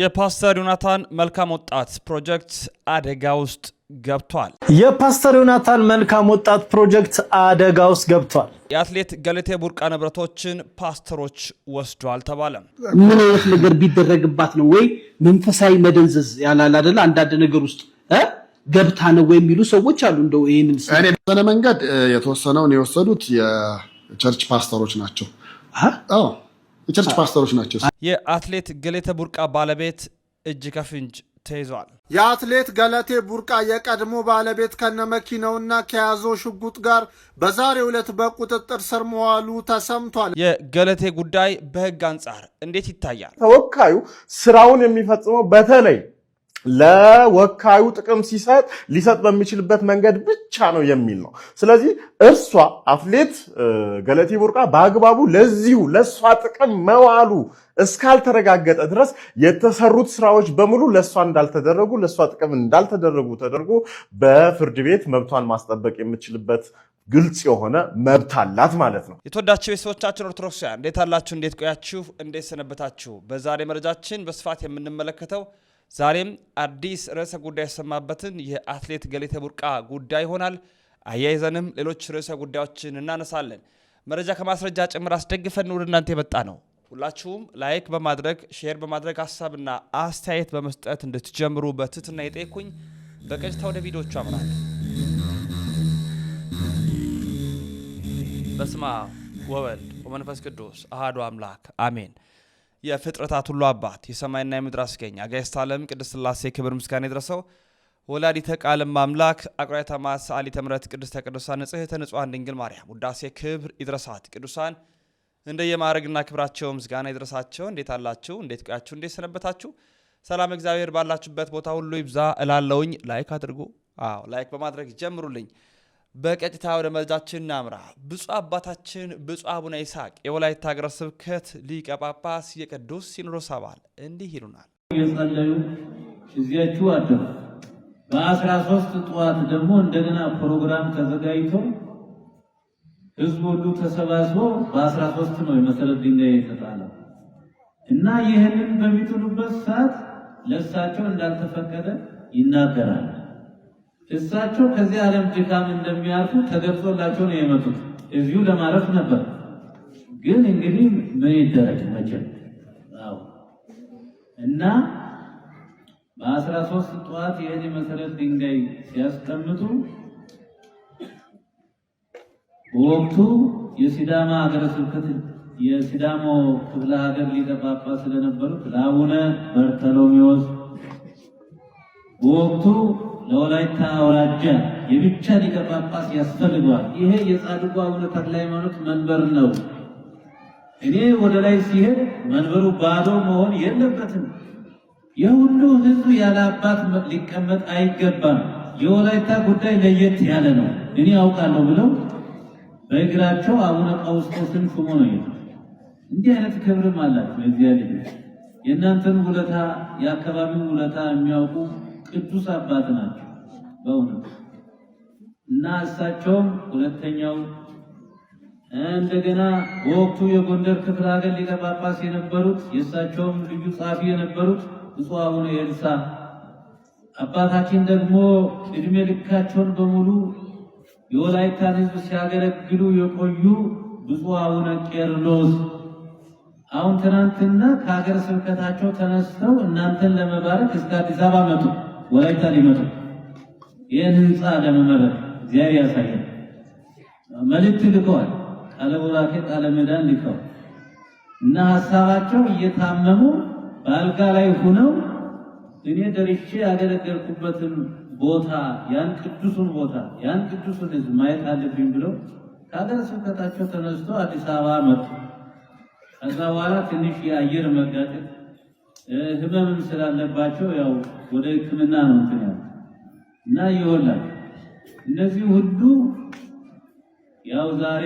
የፓስተር ዮናታን መልካም ወጣት ፕሮጀክት አደጋ ውስጥ ገብቷል። የፓስተር ዮናታን መልካም ወጣት ፕሮጀክት አደጋ ውስጥ ገብቷል። የአትሌት ገለቴ ቡርቃ ንብረቶችን ፓስተሮች ወስዷል ተባለ። ምን አይነት ነገር ቢደረግባት ነው ወይ መንፈሳዊ መደንዘዝ ያላል አደለ አንዳንድ ነገር ውስጥ ገብታ ነው ወይ የሚሉ ሰዎች አሉ። እንደው ይህንን የተወሰነ መንገድ የተወሰነውን የወሰዱት የቸርች ፓስተሮች ናቸው። የቸርች ፓስተሮች ናቸው። የአትሌት ገሌተ ቡርቃ ባለቤት እጅ ከፍንጅ ተይዟል። የአትሌት ገለቴ ቡርቃ የቀድሞ ባለቤት ከነመኪናውና ከያዘው ሽጉጥ ጋር በዛሬው ዕለት በቁጥጥር ስር መዋሉ ተሰምቷል። የገለቴ ጉዳይ በሕግ አንጻር እንዴት ይታያል? ተወካዩ ስራውን የሚፈጽመው በተለይ ለወካዩ ጥቅም ሲሰጥ ሊሰጥ በሚችልበት መንገድ ብቻ ነው የሚል ነው። ስለዚህ እርሷ አትሌት ገለቴ ቡርቃ በአግባቡ ለዚሁ ለእሷ ጥቅም መዋሉ እስካልተረጋገጠ ድረስ የተሰሩት ስራዎች በሙሉ ለእሷ እንዳልተደረጉ ለእሷ ጥቅም እንዳልተደረጉ ተደርጎ በፍርድ ቤት መብቷን ማስጠበቅ የምችልበት ግልጽ የሆነ መብት አላት ማለት ነው። የተወዳችሁ ቤተሰቦቻችን ኦርቶዶክሳውያን እንዴት አላችሁ? እንዴት ቆያችሁ? እንዴት ሰነበታችሁ? በዛሬ መረጃችን በስፋት የምንመለከተው ዛሬም አዲስ ርዕሰ ጉዳይ ያሰማበትን የአትሌት ገሌተ ቡርቃ ጉዳይ ይሆናል። አያይዘንም ሌሎች ርዕሰ ጉዳዮችን እናነሳለን። መረጃ ከማስረጃ ጭምር አስደግፈን ወደ እናንተ የመጣ ነው። ሁላችሁም ላይክ በማድረግ ሼር በማድረግ ሀሳብና አስተያየት በመስጠት እንድትጀምሩ በትህትና የጠየኩኝ። በቀጥታ ወደ ቪዲዮቹ አምራል። በስመ አብ ወወልድ ወመንፈስ ቅዱስ አሐዱ አምላክ አሜን። የፍጥረታት ሁሉ አባት የሰማይና የምድር አስገኝ አጋዕዝተ ዓለም ቅድስት ሥላሴ ክብር ምስጋና ይድረሰው። ወላዲተ ቃል አምላክ አቁራይ ተማት ሰአሊተ ምሕረት ቅድስተ ቅዱሳን ንጽሕተ ንጹሐን ድንግል ማርያም ውዳሴ ክብር ይድረሳት። ቅዱሳን እንደየማዕረግና ክብራቸው ምስጋና ይድረሳቸው። እንዴት አላችሁ? እንዴት ቆያችሁ? እንዴት ሰነበታችሁ? ሰላም እግዚአብሔር ባላችሁበት ቦታ ሁሉ ይብዛ እላለውኝ። ላይክ አድርጉ። አዎ ላይክ በማድረግ ጀምሩልኝ። በቀጥታ ወደ መልዳችን እናምራ። ብፁዕ አባታችን ብፁዕ አቡነ ይስሐቅ የወላይታ ሀገረ ስብከት ሊቀ ጳጳስ የቅዱስ ሲኖዶስ አባል እንዲህ ይሉናል። የጸለዩ እዚያችሁ አደሩ። በአስራ ሶስት ጠዋት ደግሞ እንደገና ፕሮግራም ተዘጋጅቶ ህዝብ ሁሉ ተሰባስቦ በአስራ ሶስት ነው የመሰረት ድንጋይ የተጣለው እና ይህንን በሚጥሉበት ሰዓት ለእሳቸው እንዳልተፈቀደ ይናገራል እሳቸው ከዚህ ዓለም ድካም እንደሚያርፉ ተገብቶላቸው ነው የመጡት። እዚሁ ለማረፍ ነበር። ግን እንግዲህ ምን ይደረግ መቼም እና በአስራ ሶስት ጠዋት ይህን የመሰረት ድንጋይ ሲያስቀምጡ በወቅቱ የሲዳማ ሀገረ ስብከት የሲዳሞ ክፍለ ሀገር ሊቀ ጳጳስ ስለነበሩት ለአቡነ በርተሎሜዎስ በወቅቱ ለወላይታ አውራጃ የብቻ ሊቀ ጳጳስ ያስፈልገዋል። ይሄ የጻድቁ አቡነ ተክለ ሃይማኖት መንበር ነው። እኔ ወደ ላይ ሲሄድ መንበሩ ባዶ መሆን የለበትም። የሁሉ ህዝብ ያለ አባት ሊቀመጥ አይገባም። የወላይታ ጉዳይ ለየት ያለ ነው፣ እኔ አውቃለሁ ብለው በእግራቸው አቡነ ቀውስጦስን ሹሞ ነው የሄዱ። እንዲህ አይነት ክብርም አላቸው። እግዚአብሔር የእናንተን ውለታ የአካባቢውን ውለታ የሚያውቁ ቅዱስ አባት ናቸው በእውነት እና እሳቸውም ሁለተኛው እንደገና በወቅቱ የጎንደር ክፍለ ሀገር ሊቀ ጳጳስ የነበሩት የእሳቸውም ልዩ ጸሐፊ የነበሩት ብፁዕ አቡነ ኤልሳ አባታችን ደግሞ እድሜ ልካቸውን በሙሉ የወላይታን ሕዝብ ሲያገለግሉ የቆዩ ብፁዕ አቡነ ቄርሎስ አሁን ትናንትና ከሀገር ስብከታቸው ተነስተው እናንተን ለመባረክ እስከ አዲስ አበባ መጡ። ወላይታ ሊመጡ ይህን ህንፃ ለመመረቅ እግዚአብሔር ያሳያል። መልእክት ልከዋል። ቃለ ቡራኬ ቃለ መዳን ልከዋል እና ሀሳባቸው እየታመሙ በአልጋ ላይ ሆነው እኔ ደርሼ ያገለገልኩበትን ቦታ ያን ቅዱሱን ቦታ ያን ቅዱሱን ህዝብ ማየት አለብኝ ብለው ከሀገረ ስብከታቸው ተነስቶ አዲስ አበባ መጡ። ከዛ በኋላ ትንሽ የአየር መጋጨት ህመምም ስላለባቸው ያው ወደ ህክምና ነው እንትን እና ይወላል። እነዚህ ሁሉ ያው ዛሬ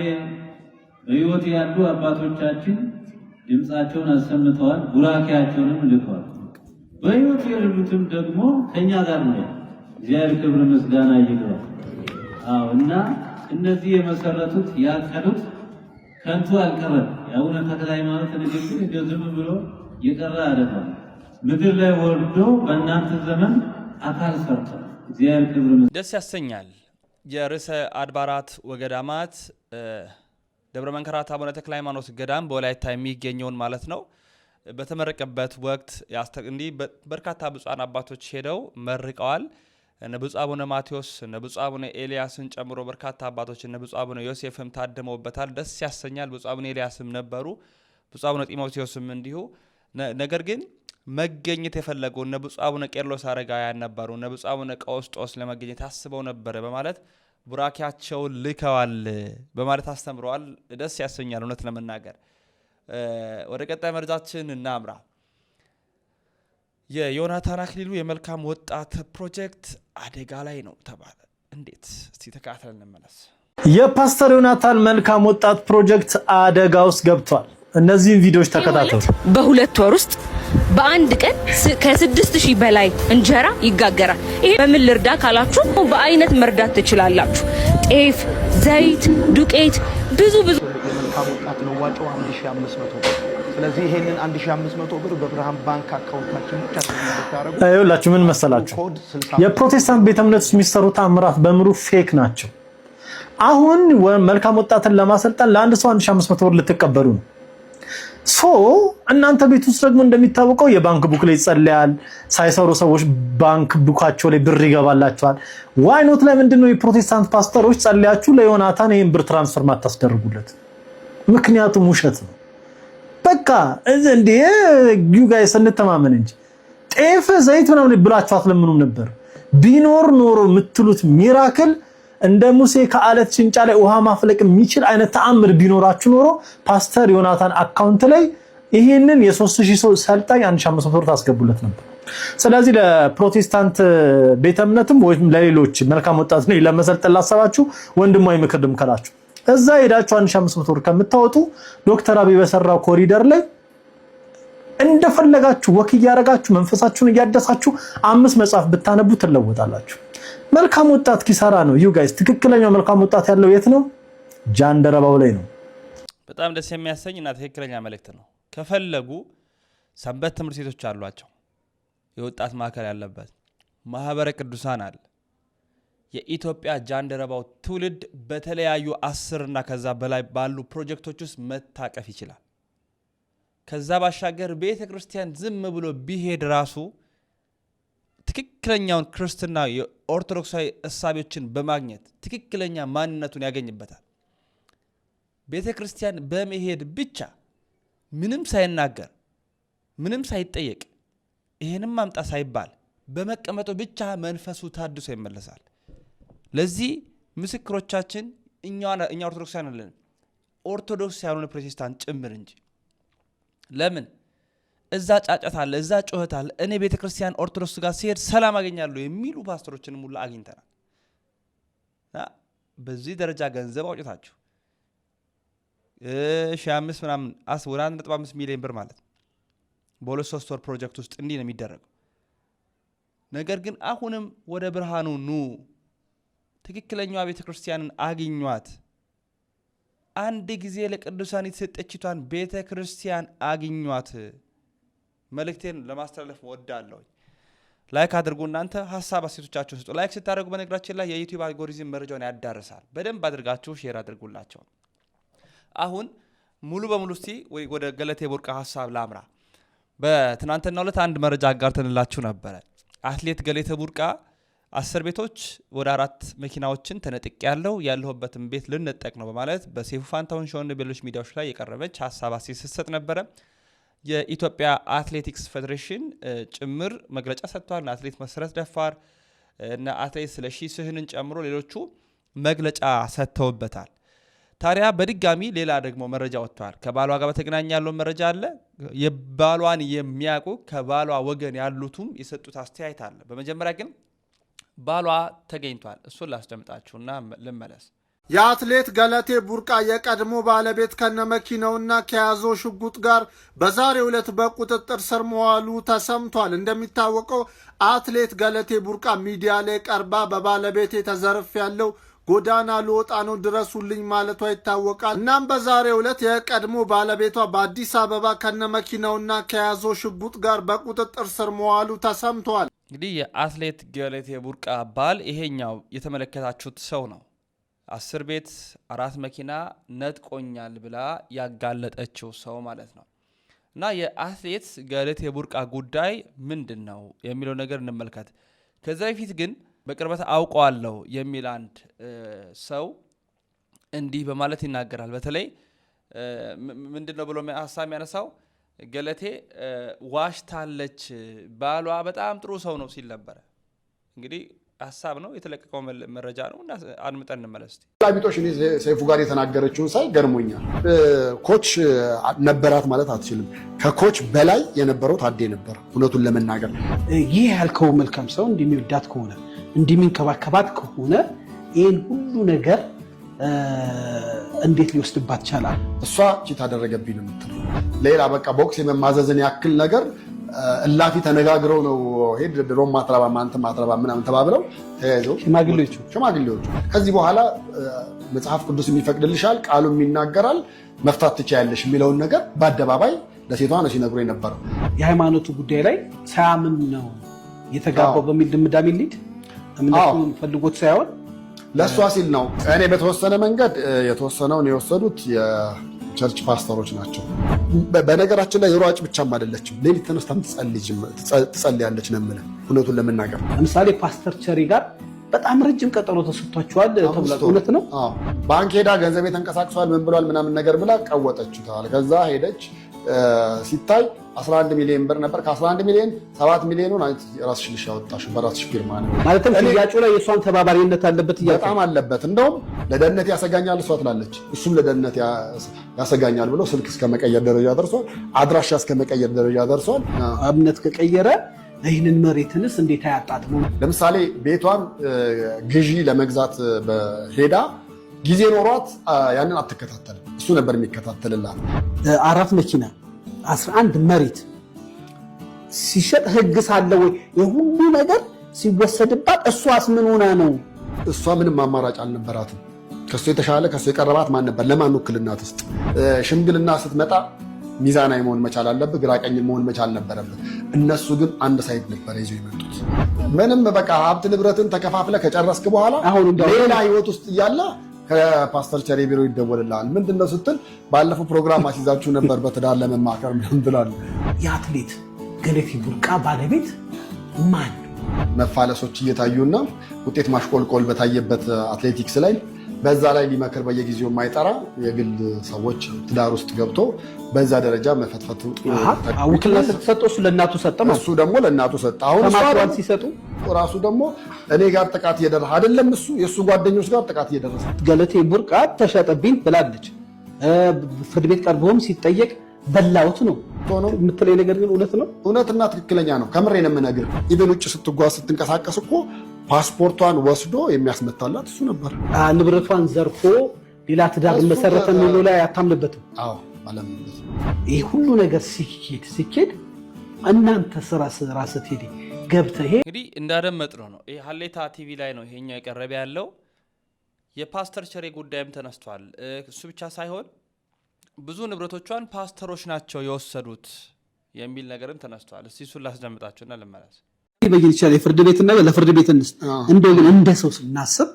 በህይወት ያሉ አባቶቻችን ድምፃቸውን አሰምተዋል፣ ጉራኪያቸውንም ልከዋል። በህይወት የሌሉትም ደግሞ ከኛ ጋር ነው። እግዚአብሔር ክብር ምስጋና ይግባል። አዎ እና እነዚህ የመሰረቱት ያቀዱት ከንቱ አልቀረም። የአቡነ ተክለ ሃይማኖት ንግግር ዝም ብሎ የቀረ አይደለም። ምድር ላይ ወርዶ በእናንተ ዘመን አካል ሰርቷል። እግዚአብሔር ክብር ደስ ያሰኛል። የርዕሰ አድባራት ወገዳማት ደብረ መንከራት አቡነ ተክለ ሃይማኖት ገዳም በወላይታ የሚገኘውን ማለት ነው በተመረቀበት ወቅት እንዲህ በርካታ ብፁዓን አባቶች ሄደው መርቀዋል። እነ ብፁዕ አቡነ ማቴዎስ እነ ብፁዕ አቡነ ኤልያስን ጨምሮ በርካታ አባቶች እነ ብፁዕ አቡነ ዮሴፍም ታድመውበታል። ደስ ያሰኛል። ብፁዕ አቡነ ኤልያስም ነበሩ። ብፁዕ አቡነ ጢሞቴዎስም እንዲሁ ነገር ግን መገኘት የፈለገው እነ አቡነ ቄርሎስ አረጋውያን ነበሩ። እነ አቡነ ቀውስጦስ ለመገኘት አስበው ነበረ በማለት ቡራኪያቸውን ልከዋል በማለት አስተምረዋል። ደስ ያሰኛል እውነት ለመናገር። ወደ ቀጣይ መረጃችን እናምራ። የዮናታን አክሊሉ የመልካም ወጣት ፕሮጀክት አደጋ ላይ ነው ተባለ። እንዴት? እስቲ ተከታትለን እንመለስ። የፓስተር ዮናታን መልካም ወጣት ፕሮጀክት አደጋ ውስጥ ገብቷል። እነዚህን ቪዲዮዎች ተከታተሉ። በሁለት ወር ውስጥ በአንድ ቀን ከስድስት ሺህ በላይ እንጀራ ይጋገራል። ይሄ በምን ልርዳ ካላችሁ በአይነት መርዳት ትችላላችሁ። ጤፍ፣ ዘይት፣ ዱቄት ብዙ ብዙ ካወጣት መዋጮ 1500 ብር። ስለዚህ ይሄንን 1500 ብር በብርሃን ባንክ አካውንታችን ብቻ ታደርጉ። ይኸውላችሁ ምን መሰላችሁ፣ የፕሮቴስታንት ቤተ እምነት ውስጥ የሚሰሩ ተአምራት በሙሉ ፌክ ናቸው። አሁን መልካም ወጣትን ለማሰልጠን ለአንድ ሰው 1500 ብር ልትቀበሉ ነው። ሶ እናንተ ቤት ውስጥ ደግሞ እንደሚታወቀው የባንክ ቡክ ላይ ይጸለያል። ሳይሰሩ ሰዎች ባንክ ቡካቸው ላይ ብር ይገባላቸዋል። ዋይኖት ላይ ምንድነው ነው የፕሮቴስታንት ፓስተሮች ጸለያችሁ ለዮናታን ይህን ብር ትራንስፈር ማታስደርጉለት? ምክንያቱም ውሸት ነው። በቃ እንዴ ዩ ጋይስ እንተማመን እንጂ ጤፍ ዘይት ምናምን ብላችሁ አትለምኑም ነበር። ቢኖር ኖሮ የምትሉት ሚራክል እንደ ሙሴ ከአለት ሽንጫ ላይ ውሃ ማፍለቅ የሚችል አይነት ተአምር ቢኖራችሁ ኖሮ ፓስተር ዮናታን አካውንት ላይ ይህንን የ3000 ሰው ሰልጣኝ 1500 ብር ታስገቡለት ነበር። ስለዚህ ለፕሮቴስታንት ቤተ እምነትም ወይም ለሌሎች መልካም ወጣት ነው ለመሰልጠን ላሰባችሁ ወንድማዊ ምክር ልምከራችሁ። እዛ ሄዳችሁ 1500 ብር ከምታወጡ ዶክተር አብይ በሰራው ኮሪደር ላይ እንደፈለጋችሁ ወክ እያደረጋችሁ መንፈሳችሁን እያደሳችሁ አምስት መጽሐፍ ብታነቡ ትለወጣላችሁ። መልካም ወጣት ኪሳራ ነው። ዩ ጋይስ ትክክለኛው መልካም ወጣት ያለው የት ነው? ጃንደረባው ላይ ነው። በጣም ደስ የሚያሰኝ እና ትክክለኛ መልእክት ነው። ከፈለጉ ሰንበት ትምህርት ቤቶች አሏቸው። የወጣት ማዕከል ያለበት ማህበረ ቅዱሳን አለ። የኢትዮጵያ ጃንደረባው ትውልድ በተለያዩ አስር እና ከዛ በላይ ባሉ ፕሮጀክቶች ውስጥ መታቀፍ ይችላል። ከዛ ባሻገር ቤተ ክርስቲያን ዝም ብሎ ቢሄድ ራሱ ትክክለኛውን ክርስትና ኦርቶዶክሳዊ እሳቤዎችን በማግኘት ትክክለኛ ማንነቱን ያገኝበታል። ቤተ ክርስቲያን በመሄድ ብቻ ምንም ሳይናገር ምንም ሳይጠየቅ ይሄንም ማምጣ ሳይባል በመቀመጡ ብቻ መንፈሱ ታድሶ ይመለሳል። ለዚህ ምስክሮቻችን እኛ ኦርቶዶክሳውያን አለን፣ ኦርቶዶክስ ያልሆኑ ፕሮቴስታንት ጭምር እንጂ ለምን እዛ ጫጫት አለ፣ እዛ ጩኸት አለ። እኔ ቤተ ክርስቲያን ኦርቶዶክስ ጋር ሲሄድ ሰላም አገኛለሁ የሚሉ ፓስተሮችንም ሁሉ አግኝተናል። በዚህ ደረጃ ገንዘብ አውጭታችሁ ሺ አምስት ምናምን አስ ወደ አንድ ነጥብ አምስት ሚሊዮን ብር ማለት በሁለት ሶስት ወር ፕሮጀክት ውስጥ እንዲህ ነው የሚደረገው። ነገር ግን አሁንም ወደ ብርሃኑ ኑ፣ ትክክለኛዋ ቤተ ክርስቲያንን አግኟት። አንድ ጊዜ ለቅዱሳን የተሰጠችቷን ቤተ ክርስቲያን አግኟት። መልእክቴን ለማስተላለፍ ወዳለሁኝ። ላይክ አድርጉ። እናንተ ሀሳብ አሴቶቻችሁን ስጡ። ላይክ ስታደርጉ በነገራችን ላይ የዩቲዩብ አልጎሪዝም መረጃውን ያዳርሳል። በደንብ አድርጋችሁ ሼር አድርጉላቸው። አሁን ሙሉ በሙሉ እስቲ ወደ ገለቴ ቡርቃ ሀሳብ ላምራ። በትናንትና ዕለት አንድ መረጃ አጋርተንላችሁ ነበረ። አትሌት ገለቴ ቡርቃ አስር ቤቶች ወደ አራት መኪናዎችን ተነጥቅ ያለው ያለሁበትን ቤት ልነጠቅ ነው በማለት በሴፉ ፋንታውን ሾን ሌሎች ሚዲያዎች ላይ የቀረበች ሀሳብ አሴት ስትሰጥ ነበረ። የኢትዮጵያ አትሌቲክስ ፌዴሬሽን ጭምር መግለጫ ሰጥቷል። እነ አትሌት መሰረት ደፋር እና አትሌት ስለሺ ስህንን ጨምሮ ሌሎቹ መግለጫ ሰጥተውበታል። ታዲያ በድጋሚ ሌላ ደግሞ መረጃ ወጥተዋል። ከባሏ ጋር በተገናኘ ያለውን መረጃ አለ። የባሏን የሚያውቁ ከባሏ ወገን ያሉትም የሰጡት አስተያየት አለ። በመጀመሪያ ግን ባሏ ተገኝቷል። እሱን ላስደምጣችሁና ልመለስ። የአትሌት ገለቴ ቡርቃ የቀድሞ ባለቤት ከነመኪናውና ከያዞ ሽጉጥ ጋር በዛሬ ዕለት በቁጥጥር ስር መዋሉ ተሰምቷል። እንደሚታወቀው አትሌት ገለቴ ቡርቃ ሚዲያ ላይ ቀርባ በባለቤቴ ተዘርፍ ያለው ጎዳና ልወጣ ነው ድረሱልኝ ማለቷ ይታወቃል። እናም በዛሬ ዕለት የቀድሞ ባለቤቷ በአዲስ አበባ ከነመኪናውና ከያዞ ሽጉጥ ጋር በቁጥጥር ስር መዋሉ ተሰምቷል። እንግዲህ የአትሌት ገለቴ ቡርቃ ባል ይሄኛው የተመለከታችሁት ሰው ነው። አስር ቤት አራት መኪና ነጥቆኛል ብላ ያጋለጠችው ሰው ማለት ነው። እና የአትሌት ገለቴ ቡርቃ ጉዳይ ምንድን ነው የሚለው ነገር እንመልከት። ከዚያ በፊት ግን በቅርበት አውቀዋለሁ የሚል አንድ ሰው እንዲህ በማለት ይናገራል። በተለይ ምንድን ነው ብሎ ሀሳብ የሚያነሳው ገለቴ ዋሽታለች፣ ባሏ በጣም ጥሩ ሰው ነው ሲል ነበረ እንግዲህ ሀሳብ ነው የተለቀቀው መረጃ ነው እና አድምጠን እንመለስ። ላቢጦሽ እኔ ሰይፉ ጋር የተናገረችውን ሳይ ገርሞኛል። ኮች ነበራት ማለት አትችልም። ከኮች በላይ የነበረው ታዴ ነበር። እውነቱን ለመናገር ይህ ያልከው መልካም ሰው እንደሚወዳት ከሆነ እንደሚንከባከባት ከሆነ ይህን ሁሉ ነገር እንዴት ሊወስድባት ይቻላል? እሷ ቺት አደረገብኝ ነው የምትለው ሌላ በቃ ቦክስ የመማዘዝን ያክል ነገር እላፊ ተነጋግረው ነው ሄድ ድሮም ማትረባም አንተም ማትረባም ምናምን ተባብለው ተያይዘው ሽማግሌዎቹ ሽማግሌዎቹ ከዚህ በኋላ መጽሐፍ ቅዱስ የሚፈቅድልሻል ቃሉም ይናገራል መፍታት ትቻያለሽ የሚለውን ነገር በአደባባይ ለሴቷ ነው ሲነግሩ የነበረው። የሃይማኖቱ ጉዳይ ላይ ሳያምን ነው የተጋባው በሚል ድምዳሜ ሊድ እምነቱን ፈልጎት ሳይሆን ለእሷ ሲል ነው። እኔ በተወሰነ መንገድ የተወሰነውን የወሰዱት ቸርች ፓስተሮች ናቸው። በነገራችን ላይ የሯጭ ብቻም አይደለችም። ሌሊት ተነስታም ትጸልያለች ነው የምልህ እውነቱን ለመናገር ለምሳሌ ፓስተር ቸሪ ጋር በጣም ረጅም ቀጠሮ ተሰጥቷቸዋል ተብሏል። እውነት ነው። ባንክ ሄዳ ገንዘቤ ተንቀሳቅሷል ምን ብሏል ምናምን ነገር ብላ ቀወጠችታል። ከዛ ሄደች ሲታይ 11 ሚሊዮን ብር ነበር። ከ11 ሚሊዮን 7 ሚሊዮኑን ራስሽ ልሽ ያወጣሽው በራስሽ ፊርማ ነው። ማለትም ሽያጩ ላይ የእሷን ተባባሪነት አለበት፣ በጣም አለበት። እንደውም ለደህንነት ያሰጋኛል እሷ ትላለች፣ እሱም ለደህንነት ያሰጋኛል ብሎ ስልክ እስከ መቀየር ደረጃ ደርሷል። አድራሻ እስከ መቀየር ደረጃ ደርሷል። እምነት ከቀየረ ይህንን መሬትንስ እንዴት አያጣጥሙ? ለምሳሌ ቤቷን ግዢ ለመግዛት ሄዳ ጊዜ ኖሯት ያንን አትከታተልም። እሱ ነበር የሚከታተልላት። አራት መኪና 11 መሬት ሲሸጥ ህግ ሳለ ወይ የሁሉ ነገር ሲወሰድባት፣ እሷስ ምን ሆና ነው? እሷ ምንም አማራጭ አልነበራትም። ከሱ የተሻለ ከሱ የቀረባት ማን ነበር? ለማን ውክልናት ውስጥ ሽምግልና ስትመጣ ሚዛናዊ መሆን መቻል አለብህ። ግራቀኝ መሆን መቻል ነበረብህ። እነሱ ግን አንድ ሳይድ ነበረ ይዘው የመጡት። ምንም በቃ ሀብት ንብረትን ተከፋፍለ ከጨረስክ በኋላ ሌላ ህይወት ውስጥ እያለ ከፓስተር ቸሬ ቢሮ ይደወልልሃል። ምንድን ነው ስትል ባለፈው ፕሮግራም አስይዛችሁ ነበር በትዳር ለመማከር ምናምን ትላለህ። የአትሌት ገለቴ ቡርቃ ባለቤት ማን? መፋለሶች እየታዩና ውጤት ማሽቆልቆል በታየበት አትሌቲክስ ላይ በዛ ላይ ሊመክር በየጊዜው የማይጠራ የግል ሰዎች ትዳር ውስጥ ገብቶ በዛ ደረጃ መፈትፈት ውክልና ስትሰጠው እሱ ለእናቱ ሰጠ፣ እሱ ደግሞ ለእናቱ ሰጠ። አሁን ሲሰጡ ራሱ ደግሞ እኔ ጋር ጥቃት እየደረሰ አይደለም እሱ የእሱ ጓደኞች ጋር ጥቃት እየደረሰ ገለቴ ቡርቃ ተሸጠብኝ ብላለች። ፍርድ ቤት ቀርቦም ሲጠየቅ በላውት ነው የምትለኝ ነገር ግን እውነት ነው፣ እውነትና ትክክለኛ ነው። ከምሬን የምነግር ኢቨን ውጭ ስትጓዝ ስትንቀሳቀስ እኮ ፓስፖርቷን ወስዶ የሚያስመታላት እሱ ነበር። ንብረቷን ዘርፎ ሌላ ትዳር መሰረተ የሚለው ላይ አታምንበትም። ይህ ሁሉ ነገር ሲኬድ ሲኬድ እናንተ ስራ ራስ ቴዲ ገብተ ይሄ እንግዲህ እንዳደመጥነው ነው። ይሄ ሀሌታ ቲቪ ላይ ነው ይሄኛው የቀረበ ያለው። የፓስተር ቸሬ ጉዳይም ተነስቷል። እሱ ብቻ ሳይሆን ብዙ ንብረቶቿን ፓስተሮች ናቸው የወሰዱት የሚል ነገርም ተነስቷል። እስቲ እሱን ላስደምጣችሁና ልመለስ። ሊበይን ይችላል። የፍርድ ቤት እና ለፍርድ ቤት እንደው ግን እንደ ሰው ስናስብ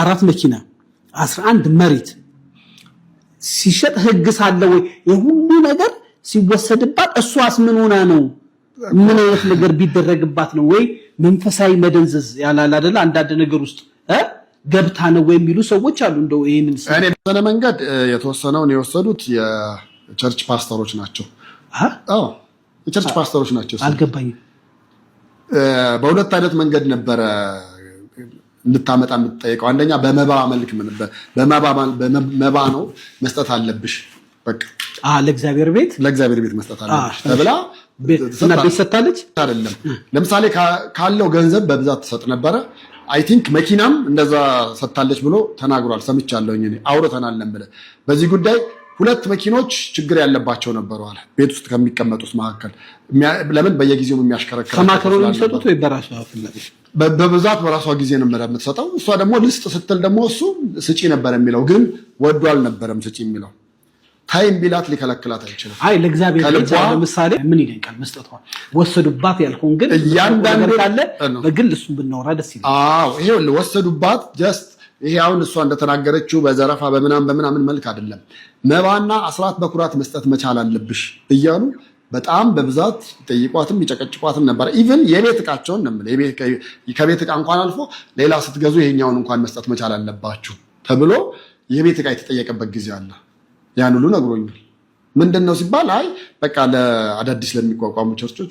አራት መኪና 11 መሬት ሲሸጥ ህግ ሳለ ወይ የሁሉ ነገር ሲወሰድባት እሷስ ምን ሆና ነው? ምን አይነት ነገር ቢደረግባት ነው? ወይ መንፈሳዊ መደንዘዝ ያላል አይደለ? አንዳንድ ነገር ውስጥ ገብታ ነው ወይ የሚሉ ሰዎች አሉ። እንደው ይሄንን እኔ መንገድ የተወሰነውን የወሰዱት የቸርች ፓስተሮች ናቸው። አዎ የቸርች ፓስተሮች ናቸው። አልገባኝም በሁለት አይነት መንገድ ነበረ እንድታመጣ የምትጠይቀው። አንደኛ በመባ መልክ በመባ ነው መስጠት አለብሽ፣ በቃ ለእግዚአብሔር ቤት ለእግዚአብሔር ቤት መስጠት አለብሽ ተብላ ሰታለች። አይደለም ለምሳሌ ካለው ገንዘብ በብዛት ትሰጥ ነበረ። አይ ቲንክ መኪናም እንደዛ ሰታለች ብሎ ተናግሯል። ሰምቻለሁኝ እኔ አውርተናል ብለህ በዚህ ጉዳይ ሁለት መኪኖች ችግር ያለባቸው ነበሩ አለ። ቤት ውስጥ ከሚቀመጡት መካከል ለምን በየጊዜው የሚያሽከረክር ከማከሮ የሚሰጡት ወይ በራሷ ፍላጎት በብዛት በራሷ ጊዜ ነበር የምትሰጠው። እሷ ደግሞ ልስጥ ስትል ደግሞ እሱ ስጪ ነበር የሚለው፣ ግን ወዶ አልነበረም ስጪ የሚለው። ታይም ቢላት ሊከለክላት አይችልም። አይ ለእግዚአብሔር ለምሳሌ ምን ይደንቃል መስጠቷ። ወሰዱባት ያልኩን ግን እያንዳንዱ ካለ በግል እሱ ብናወራ ደስ ይላል። ወሰዱባት ጀስት ይሄ አሁን እሷ እንደተናገረችው በዘረፋ በምናምን በምናምን መልክ አይደለም። መባና አስራት በኩራት መስጠት መቻል አለብሽ እያሉ በጣም በብዛት ይጠይቋትም ይጨቀጭቋትም ነበር። ኢቨን የቤት እቃቸውን ነው ከቤት እቃ እንኳን አልፎ ሌላ ስትገዙ ይሄኛውን እንኳን መስጠት መቻል አለባችሁ ተብሎ የቤት እቃ የተጠየቀበት ጊዜ አለ። ያን ሁሉ ነግሮኛል። ምንድን ነው ሲባል አይ በቃ ለአዳዲስ ለሚቋቋሙ ቸርቾች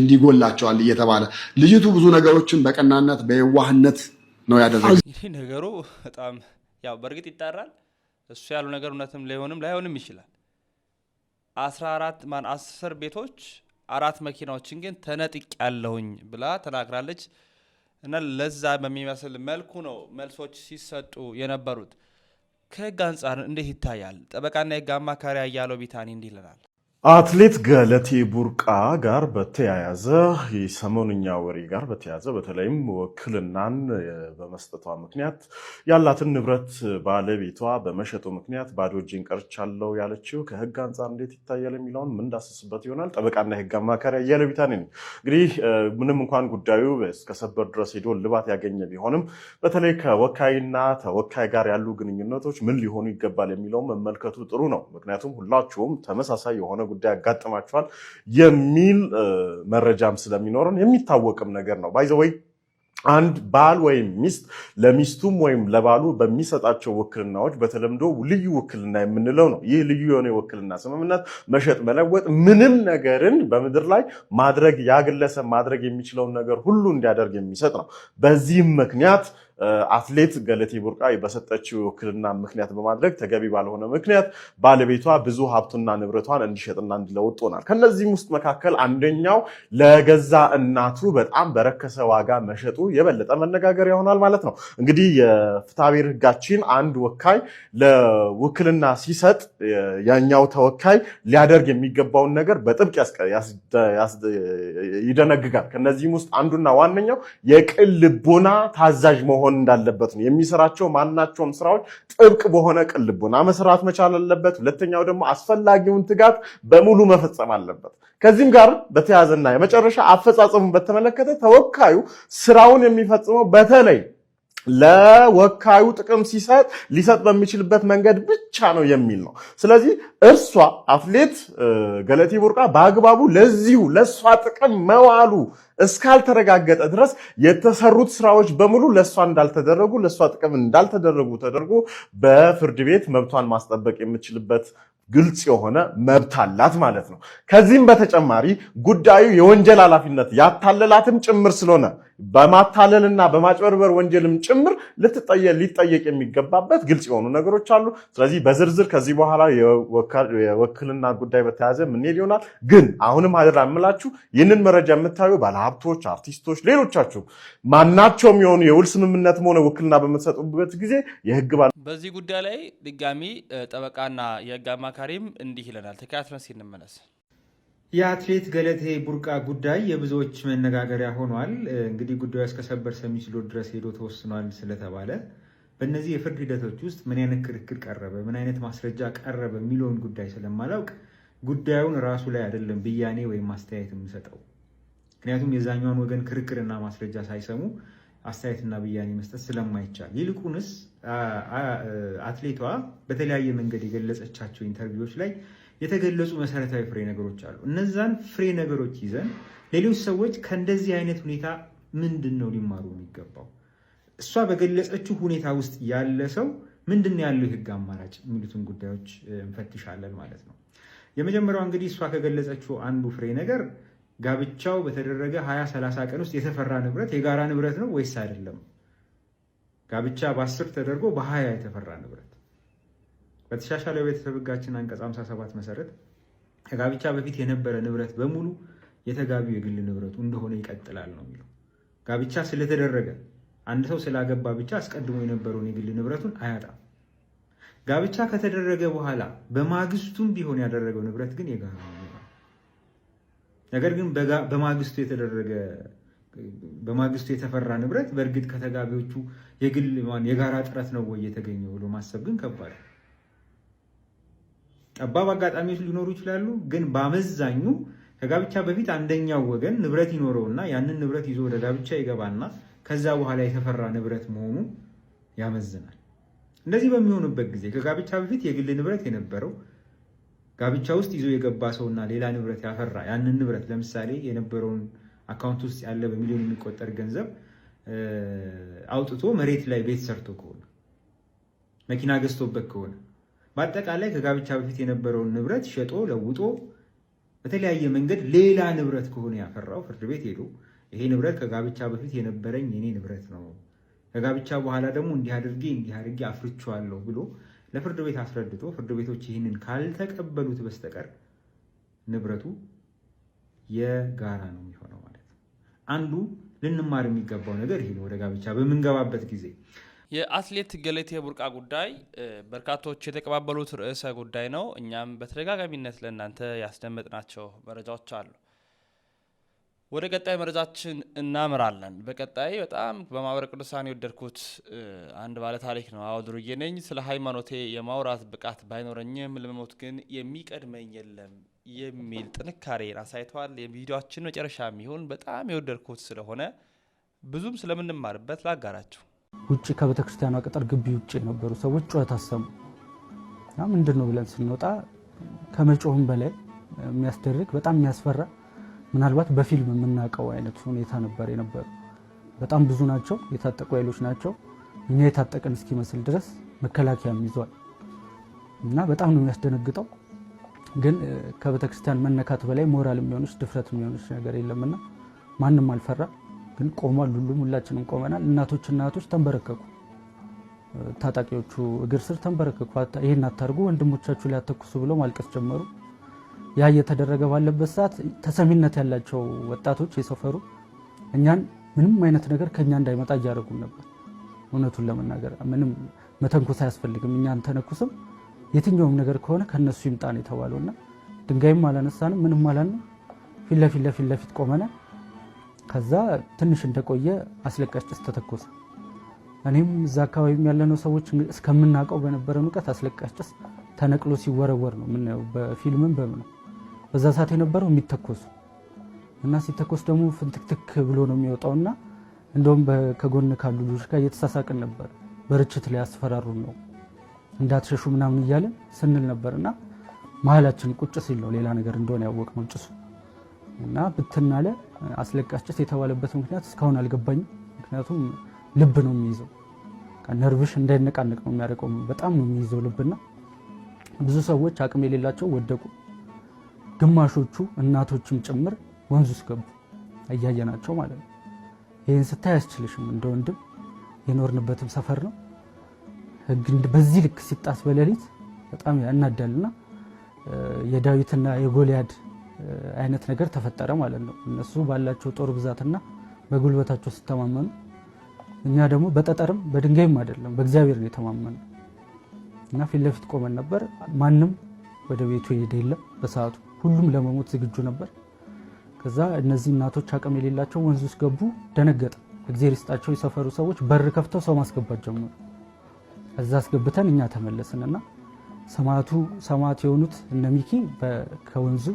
እንዲጎላቸዋል እየተባለ ልጅቱ ብዙ ነገሮችን በቀናነት በየዋህነት ነው ያደረገው። ነገሩ በጣም ያው በእርግጥ ይጣራል። እሱ ያሉ ነገር እውነትም ላይሆንም ላይሆንም ይችላል። አስራ አራት ማን አስር ቤቶች አራት መኪናዎችን ግን ተነጥቅ ያለሁኝ ብላ ተናግራለች። እና ለዛ በሚመስል መልኩ ነው መልሶች ሲሰጡ የነበሩት። ከህግ አንጻር እንዴት ይታያል? ጠበቃና የህግ አማካሪ አያለው ቢታኒ እንዲህ ይለናል። አትሌት ገለቴ ቡርቃ ጋር በተያያዘ የሰሞንኛ ወሬ ጋር በተያያዘ በተለይም ውክልናን በመስጠቷ ምክንያት ያላትን ንብረት ባለቤቷ በመሸጡ ምክንያት ባዶ እጄን ቀርቻለሁ ያለችው ከሕግ አንጻር እንዴት ይታያል የሚለውን ምንዳስስበት ይሆናል። ጠበቃና የሕግ አማካሪ አያሌው ቢታኔ ነኝ። እንግዲህ ምንም እንኳን ጉዳዩ እስከ ሰበር ድረስ ሄዶ ልባት ያገኘ ቢሆንም በተለይ ከወካይና ተወካይ ጋር ያሉ ግንኙነቶች ምን ሊሆኑ ይገባል የሚለውን መመልከቱ ጥሩ ነው። ምክንያቱም ሁላችሁም ተመሳሳይ የሆነ ጉዳይ ያጋጥማቸዋል የሚል መረጃም ስለሚኖረን የሚታወቅም ነገር ነው ባይዘወይ አንድ ባል ወይም ሚስት ለሚስቱም ወይም ለባሉ በሚሰጣቸው ውክልናዎች በተለምዶ ልዩ ውክልና የምንለው ነው። ይህ ልዩ የሆነ የውክልና ስምምነት መሸጥ፣ መለወጥ፣ ምንም ነገርን በምድር ላይ ማድረግ ያግለሰብ ማድረግ የሚችለውን ነገር ሁሉ እንዲያደርግ የሚሰጥ ነው። በዚህም ምክንያት አትሌት ገለቴ ቡርቃ በሰጠችው ውክልና ምክንያት በማድረግ ተገቢ ባልሆነ ምክንያት ባለቤቷ ብዙ ሀብቱና ንብረቷን እንዲሸጥና እንዲለውጥ ሆናል። ከነዚህም ውስጥ መካከል አንደኛው ለገዛ እናቱ በጣም በረከሰ ዋጋ መሸጡ የበለጠ መነጋገር ይሆናል ማለት ነው። እንግዲህ የፍትሐብሔር ሕጋችን አንድ ወካይ ለውክልና ሲሰጥ ያኛው ተወካይ ሊያደርግ የሚገባውን ነገር በጥብቅ ይደነግጋል። ከነዚህም ውስጥ አንዱና ዋነኛው የቅን ልቦና ታዛዥ መሆን መሆን እንዳለበት ነው። የሚሰራቸው ማናቸውም ስራዎች ጥብቅ በሆነ ቅን ልቦና መስራት መቻል አለበት። ሁለተኛው ደግሞ አስፈላጊውን ትጋት በሙሉ መፈጸም አለበት። ከዚህም ጋር በተያዘና የመጨረሻ አፈጻጸሙን በተመለከተ ተወካዩ ስራውን የሚፈጽመው በተለይ ለወካዩ ጥቅም ሲሰጥ ሊሰጥ በሚችልበት መንገድ ብቻ ነው የሚል ነው። ስለዚህ እርሷ አትሌት ገለቴ ቡርቃ በአግባቡ ለዚሁ ለእሷ ጥቅም መዋሉ እስካልተረጋገጠ ድረስ የተሰሩት ስራዎች በሙሉ ለእሷ እንዳልተደረጉ ለእሷ ጥቅም እንዳልተደረጉ ተደርጎ በፍርድ ቤት መብቷን ማስጠበቅ የምችልበት ግልጽ የሆነ መብት አላት ማለት ነው። ከዚህም በተጨማሪ ጉዳዩ የወንጀል ኃላፊነት ያታለላትም ጭምር ስለሆነ በማታለልና በማጭበርበር ወንጀልም ጭምር ሊጠየቅ የሚገባበት ግልጽ የሆኑ ነገሮች አሉ። ስለዚህ በዝርዝር ከዚህ በኋላ የውክልና ጉዳይ በተያዘ ምንሄድ ይሆናል። ግን አሁንም አደራ የምላችሁ ይህንን መረጃ የምታዩ ባለሀብቶች፣ አርቲስቶች፣ ሌሎቻችሁ ማናቸውም የሆኑ የውል ስምምነትም ሆነ ውክልና በምትሰጡበት ጊዜ የህግ በዚህ ጉዳይ ላይ ድጋሚ ጠበቃና የህግ አማካሪም እንዲህ ይለናል። ተኪያትረን ሲንመለስ የአትሌት ገለቴ ቡርቃ ጉዳይ የብዙዎች መነጋገሪያ ሆኗል። እንግዲህ ጉዳዩ እስከ ሰበር ሰሚ ችሎት ድረስ ሄዶ ተወስኗል ስለተባለ በእነዚህ የፍርድ ሂደቶች ውስጥ ምን አይነት ክርክር ቀረበ፣ ምን አይነት ማስረጃ ቀረበ የሚለውን ጉዳይ ስለማላውቅ ጉዳዩን ራሱ ላይ አይደለም ብያኔ ወይም ማስተያየት የምሰጠው። ምክንያቱም የዛኛውን ወገን ክርክርና ማስረጃ ሳይሰሙ አስተያየትና ብያኔ መስጠት ስለማይቻል ይልቁንስ አትሌቷ በተለያየ መንገድ የገለጸቻቸው ኢንተርቪዎች ላይ የተገለጹ መሰረታዊ ፍሬ ነገሮች አሉ። እነዛን ፍሬ ነገሮች ይዘን ሌሎች ሰዎች ከእንደዚህ አይነት ሁኔታ ምንድን ነው ሊማሩ የሚገባው? እሷ በገለጸችው ሁኔታ ውስጥ ያለ ሰው ምንድን ነው ያለው የህግ አማራጭ የሚሉትን ጉዳዮች እንፈትሻለን ማለት ነው። የመጀመሪያው እንግዲህ እሷ ከገለጸችው አንዱ ፍሬ ነገር ጋብቻው በተደረገ 20 30 ቀን ውስጥ የተፈራ ንብረት የጋራ ንብረት ነው ወይስ አይደለም? ጋብቻ በ10 ተደርጎ በ20 የተፈራ ንብረት። በተሻሻለ ቤተሰብ ሕጋችን አንቀጽ 57 መሰረት ከጋብቻ በፊት የነበረ ንብረት በሙሉ የተጋቢው የግል ንብረቱ እንደሆነ ይቀጥላል ነው የሚለው። ጋብቻ ስለተደረገ አንድ ሰው ስላገባ ብቻ አስቀድሞ የነበረውን የግል ንብረቱን አያጣም። ጋብቻ ከተደረገ በኋላ በማግስቱም ቢሆን ያደረገው ንብረት ግን የጋራ ነው። ነገር ግን በማግስቱ የተደረገ በማግስቱ የተፈራ ንብረት በእርግጥ ከተጋቢዎቹ የግል የጋራ ጥረት ነው ወይ የተገኘው ብሎ ማሰብ ግን ከባድ ነው። ጠባብ አጋጣሚዎች ሊኖሩ ይችላሉ። ግን በአመዛኙ ከጋብቻ በፊት አንደኛው ወገን ንብረት ይኖረውና ያንን ንብረት ይዞ ወደ ጋብቻ ይገባና ከዛ በኋላ የተፈራ ንብረት መሆኑ ያመዝናል። እንደዚህ በሚሆኑበት ጊዜ ከጋብቻ በፊት የግል ንብረት የነበረው ጋብቻ ውስጥ ይዞ የገባ ሰውና ሌላ ንብረት ያፈራ ያንን ንብረት ለምሳሌ የነበረውን አካውንት ውስጥ ያለ በሚሊዮን የሚቆጠር ገንዘብ አውጥቶ መሬት ላይ ቤት ሰርቶ ከሆነ መኪና ገዝቶበት ከሆነ በአጠቃላይ ከጋብቻ በፊት የነበረውን ንብረት ሸጦ ለውጦ በተለያየ መንገድ ሌላ ንብረት ከሆነ ያፈራው ፍርድ ቤት ሄዶ ይሄ ንብረት ከጋብቻ በፊት የነበረኝ የኔ ንብረት ነው፣ ከጋብቻ በኋላ ደግሞ እንዲህ አድርጌ እንዲህ አድርጌ አፍርቼዋለሁ ብሎ ለፍርድ ቤት አስረድቶ ፍርድ ቤቶች ይህንን ካልተቀበሉት በስተቀር ንብረቱ የጋራ ነው የሚሆነው ማለት ነው። አንዱ ልንማር የሚገባው ነገር ይህ ነው። ወደ ጋብቻ በምንገባበት ጊዜ የአትሌት ገለቴ ቡርቃ ጉዳይ በርካቶች የተቀባበሉት ርዕሰ ጉዳይ ነው። እኛም በተደጋጋሚነት ለእናንተ ያስደመጥናቸው መረጃዎች አሉ። ወደ ቀጣይ መረጃችን እናምራለን። በቀጣይ በጣም በማህበረ ቅዱሳን የወደድኩት አንድ ባለታሪክ ነው። አወድሩዬ ነኝ። ስለ ሃይማኖቴ የማውራት ብቃት ባይኖረኝም ለመሞት ግን የሚቀድመኝ የለም የሚል ጥንካሬን አሳይተዋል። የቪዲዮችን መጨረሻ የሚሆን በጣም የወደድኩት ስለሆነ ብዙም ስለምንማርበት ላጋራችሁ። ውጭ ከቤተ ክርስቲያኗ ቅጥር ግቢ ውጭ የነበሩ ሰዎች ጩኸት አሰሙ እና ምንድን ነው ብለን ስንወጣ ከመጮህም በላይ የሚያስደርግ በጣም የሚያስፈራ ምናልባት በፊልም የምናውቀው አይነት ሁኔታ ነበር የነበሩ። በጣም ብዙ ናቸው፣ የታጠቁ ኃይሎች ናቸው። እኛ የታጠቀን እስኪመስል ድረስ መከላከያም ይዟል እና በጣም ነው የሚያስደነግጠው። ግን ከቤተክርስቲያን መነካት በላይ ሞራል የሚሆንች ድፍረት የሚሆንች ነገር የለምና ማንም አልፈራ። ግን ቆሟል፣ ሁሉም ሁላችንም ቆመናል። እናቶች እናቶች ተንበረከኩ፣ ታጣቂዎቹ እግር ስር ተንበረከኩ። ይህን አታርጉ፣ ወንድሞቻችሁ ሊያተኩሱ ብለው ማልቀስ ጀመሩ። ያ እየተደረገ ባለበት ሰዓት ተሰሚነት ያላቸው ወጣቶች የሰፈሩ እኛን ምንም አይነት ነገር ከእኛ እንዳይመጣ እያደረጉም ነበር። እውነቱን ለመናገር ምንም መተንኮስ አያስፈልግም። እኛ አንተነኩስም፣ የትኛውም ነገር ከሆነ ከእነሱ የተባለው የተባለውና ድንጋይም አላነሳንም፣ ምንም አላልንም። ፊት ለፊት ለፊት ለፊት ቆመነ። ከዛ ትንሽ እንደቆየ አስለቃሽ ጭስ ተተኮሰ። እኔም እዛ አካባቢም ያለነው ሰዎች እስከምናውቀው በነበረን እውቀት አስለቃሽ ጭስ ተነቅሎ ሲወረወር ነው የምናየው በፊልምም በምነው በዛ ሰዓት የነበረው የሚተኮሱ እና ሲተኮስ ደግሞ ፍንትክትክ ብሎ ነው የሚወጣው እና እንደውም ከጎን ካሉ ልጆች ጋር እየተሳሳቅን ነበር። በርችት ላይ አስፈራሩ ነው እንዳትሸሹ ምናምን እያለን ስንል ነበር እና መሀላችን ቁጭ ሲል ነው ሌላ ነገር እንደሆነ ያወቅነው ጭሱ እና ብትናለ አስለቃሽ ጭስ የተባለበት ምክንያት እስካሁን አልገባኝም። ምክንያቱም ልብ ነው የሚይዘው ነርቭሽ እንዳይነቃነቅ ነው የሚያደርገው። በጣም ነው የሚይዘው ልብና ብዙ ሰዎች አቅም የሌላቸው ወደቁ። ግማሾቹ እናቶችም ጭምር ወንዝ ውስጥ ገቡ። እያየናቸው ማለት ነው። ይህን ስታይ አያስችልሽም። እንደ ወንድም የኖርንበትም ሰፈር ነው። ህግ በዚህ ልክ ሲጣስ በሌሊት በጣም እናዳልና የዳዊትና የጎልያድ አይነት ነገር ተፈጠረ ማለት ነው። እነሱ ባላቸው ጦር ብዛትና በጉልበታቸው ሲተማመኑ፣ እኛ ደግሞ በጠጠርም በድንጋይም አይደለም በእግዚአብሔር ነው የተማመኑ እና ፊት ለፊት ቆመን ነበር። ማንም ወደ ቤቱ ሄደ የለም በሰዓቱ ሁሉም ለመሞት ዝግጁ ነበር። ከዛ እነዚህ እናቶች አቅም የሌላቸው ወንዝ ውስጥ ገቡ። ደነገጠ። እግዜር ይስጣቸው የሰፈሩ ሰዎች በር ከፍተው ሰው ማስገባት ጀመሩ። እዛ አስገብተን እኛ ተመለስንና ሰማዕቱ ሰማዕት የሆኑት እነ ሚኪ ከወንዙ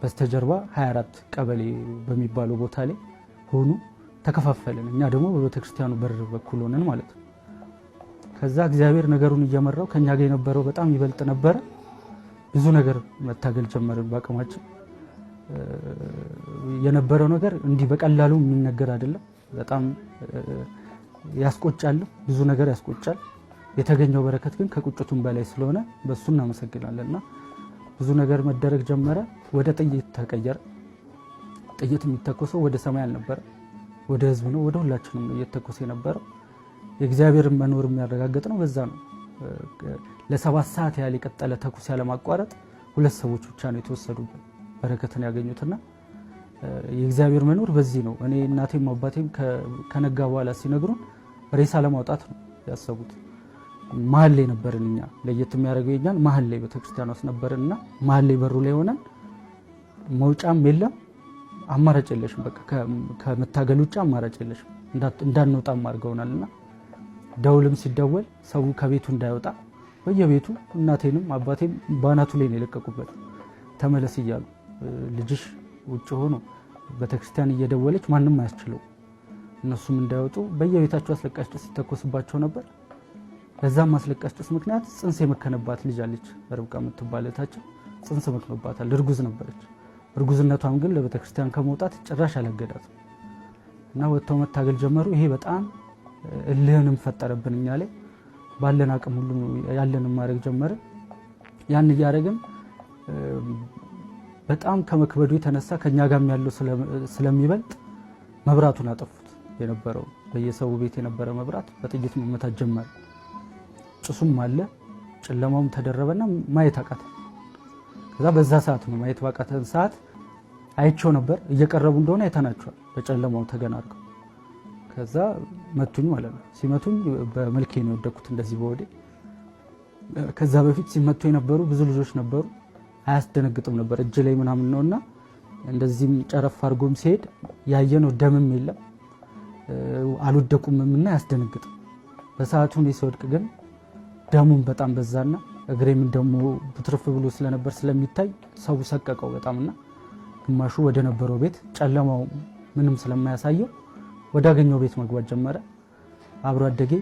በስተጀርባ 24 ቀበሌ በሚባለው ቦታ ላይ ሆኑ። ተከፋፈልን። እኛ ደግሞ በቤተክርስቲያኑ በር በኩል ሆነን ማለት ነው። ከዛ እግዚአብሔር ነገሩን እየመራው ከእኛ ጋር የነበረው በጣም ይበልጥ ነበረ። ብዙ ነገር መታገል ጀመርን በአቅማችን። የነበረው ነገር እንዲህ በቀላሉ የሚነገር አይደለም። በጣም ያስቆጫል ብዙ ነገር ያስቆጫል። የተገኘው በረከት ግን ከቁጭቱም በላይ ስለሆነ በሱ እናመሰግናለን እና ብዙ ነገር መደረግ ጀመረ። ወደ ጥይት ተቀየረ። ጥይት የሚተኮሰው ወደ ሰማይ አልነበረ፣ ወደ ህዝብ ነው፣ ወደ ሁላችንም ነው እየተኮሰ የነበረው። የእግዚአብሔርን መኖር የሚያረጋግጥ ነው። በዛ ነው ለሰባት ሰዓት ያህል የቀጠለ ተኩስ ያለማቋረጥ ሁለት ሰዎች ብቻ ነው የተወሰዱብን በረከትን ያገኙትና የእግዚአብሔር መኖር በዚህ ነው። እኔ እናቴም አባቴም ከነጋ በኋላ ሲነግሩን ሬሳ ለማውጣት ነው ያሰቡት። መሀል ላይ ነበርን እኛ። ለየት የሚያደርገው የኛን መሀል ላይ ቤተክርስቲያን ውስጥ ነበርን እና መሀል ላይ በሩ ላይ ሆነን መውጫም የለም አማራጭ የለሽም። በቃ ከመታገል ውጭ አማራጭ የለሽም። እንዳንወጣም አድርገውናል እና ደውልም ሲደወል ሰው ከቤቱ እንዳይወጣ በየቤቱ እናቴንም አባቴም በአናቱ ላይ ነው የለቀቁበት። ተመለስ እያሉ ልጅሽ ውጭ ሆኖ ቤተክርስቲያን እየደወለች ማንም አያስችለው እነሱም እንዳይወጡ በየቤታቸው አስለቃሽ ጭስ ሲተኮስባቸው ነበር። በዛም አስለቃሽ ጭስ ምክንያት ጽንስ የመከነባት ልጅ አለች፣ ርብቃ የምትባል እህታችን ጽንስ መክኖባታል። እርጉዝ ነበረች። እርጉዝነቷም ግን ለቤተክርስቲያን ከመውጣት ጭራሽ አላገዳትም እና ወጥተው መታገል ጀመሩ። ይሄ በጣም እልህንም ፈጠረብን እኛ ላይ ባለን አቅም ሁሉ ያለን ማድረግ ጀመርን። ያን እያደረግን በጣም ከመክበዱ የተነሳ ከኛ ጋርም ያለው ስለሚበልጥ መብራቱን አጠፉት። የነበረው በየሰው ቤት የነበረ መብራት በጥይት መመታት ጀመረ። ጭሱም አለ፣ ጨለማውም ተደረበና ማየት አቃተ። ከዛ በዛ ሰዓት ነው ማየት ባቃተን ሰዓት አይቸው ነበር እየቀረቡ እንደሆነ አይተናቸዋል። በጨለማው ተገናርገው ከዛ መቱኝ ማለት ነው። ሲመቱኝ በመልኬ ነው የወደኩት እንደዚህ በወዴ። ከዛ በፊት ሲመቱ የነበሩ ብዙ ልጆች ነበሩ። አያስደነግጥም ነበር እጅ ላይ ምናምን ነው እና እንደዚህም ጨረፍ አድርጎም ሲሄድ ያየ ነው። ደምም የለም አልወደቁምም እና አያስደነግጥም። በሰዓቱ እኔ ሲወድቅ ግን ደሙም በጣም በዛና እግሬም ደግሞ ብትርፍ ብሎ ስለነበር ስለሚታይ ሰው ሰቀቀው በጣምና ግማሹ ወደ ነበረው ቤት ጨለማው ምንም ስለማያሳየው ወዳገኘው ቤት መግባት ጀመረ። አብሮ አደጌ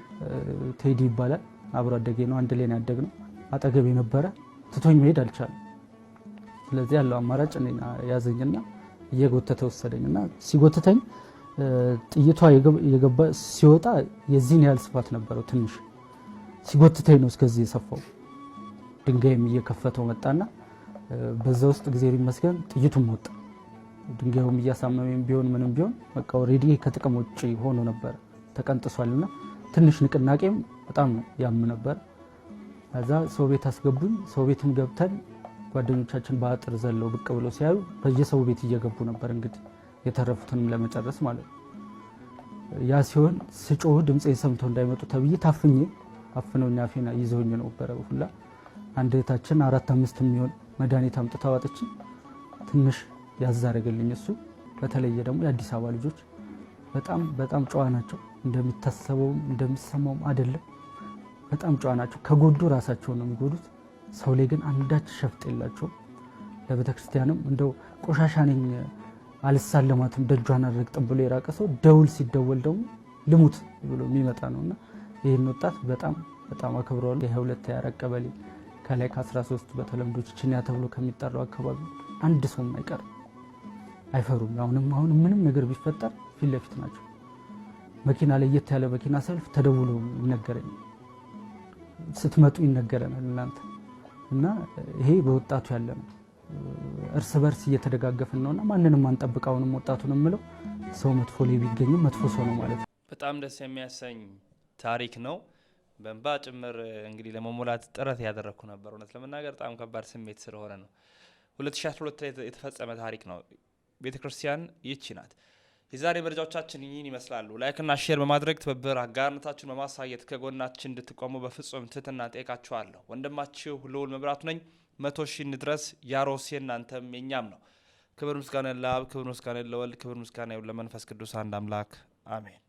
ቴዲ ይባላል። አብሮ አደጌ ነው። አንድ ላይ ያደግ ነው። አጠገቤ ነበረ። ትቶኝ መሄድ አልቻለም። ስለዚህ ያለው አማራጭ ያዘኝና እየጎተተ ወሰደኝና ሲጎተተኝ ጥይቷ የገባ ሲወጣ የዚህን ያህል ስፋት ነበረው። ትንሽ ሲጎትተኝ ነው እስከዚህ የሰፋው። ድንጋይም እየከፈተው መጣና በዛ ውስጥ ጊዜ ይመስገን ጥይቱም ወጣ። ድንጋዩም እያሳመመኝ ቢሆን ምንም ቢሆን በቃ ኦልሬዲ ከጥቅም ውጭ ሆኖ ነበር ተቀንጥሷልና ትንሽ ንቅናቄም በጣም ያም ነበር። ከዛ ሰው ቤት አስገቡኝ። ሰው ቤትም ገብተን ጓደኞቻችን በአጥር ዘለው ብቅ ብሎ ሲያዩ በየሰው ቤት እየገቡ ነበር እንግዲህ የተረፉትንም ለመጨረስ ማለት ነው። ያ ሲሆን ስጮህ ድምፄን ሰምቶ እንዳይመጡ ተብዬ ታፍኜ አፍነውኝ አፌን ይዘውኝ ነበረ ሁላ አንድ እህታችን አራት አምስት የሚሆን መድኃኒት አምጥታ ዋጥችን ትንሽ ያዛረገልኝ እሱ። በተለየ ደግሞ የአዲስ አበባ ልጆች በጣም በጣም ጨዋ ናቸው። እንደሚታሰበውም እንደሚሰማውም አይደለም። በጣም ጨዋ ናቸው። ከጎዱ ራሳቸውን ነው የሚጎዱት። ሰው ላይ ግን አንዳች ሸፍጥ የላቸውም። ለቤተክርስቲያንም እንደው ቆሻሻ ነኝ አልሳለማትም ደጇን አልረግጥም ብሎ የራቀ ሰው ደውል ሲደወል ደግሞ ልሙት ብሎ የሚመጣ ነውና ይህን ወጣት በጣም በጣም አከብረዋለሁ። የሁለት የአራት ቀበሌ ከላይ ከ13 በተለምዶ ችንያ ተብሎ ከሚጠራው አካባቢ አንድ ሰው አይቀርም። አይፈሩም። አሁንም አሁን ምንም ነገር ቢፈጠር ፊት ለፊት ናቸው። መኪና ለየት ያለ መኪና ሰልፍ ተደውሎ ይነገረኝ፣ ስትመጡ ይነገረናል እናንተ እና ይሄ በወጣቱ ያለ ነው። እርስ በርስ እየተደጋገፍን እና ማንንም አንጠብቅ። አሁንም ነው የምለው ሰው መጥፎ ላይ ቢገኝም መጥፎ ሰው ነው ማለት ነው። በጣም ደስ የሚያሰኝ ታሪክ ነው። በእንባ ጭምር እንግዲህ ለመሞላት ጥረት ያደረግኩ ነበር። እውነት ለመናገር በጣም ከባድ ስሜት ስለሆነ ነው። 2012 ላይ የተፈጸመ ታሪክ ነው። ቤተ ክርስቲያን ይቺ ናት። የዛሬ መረጃዎቻችን ይህን ይመስላሉ። ላይክና ሼር በማድረግ ትብብር አጋርነታችሁን በማሳየት ከጎናችን እንድትቆሙ በፍጹም ትህትና ጠይቃችኋለሁ። ወንድማችሁ ልዑል መብራቱ ነኝ። መቶ ሺህ እንድረስ። ያሮሴ እናንተም የኛም ነው። ክብር ምስጋና ለአብ፣ ክብር ምስጋና ለወልድ፣ ክብር ምስጋና ለመንፈስ ቅዱስ አንድ አምላክ አሜን።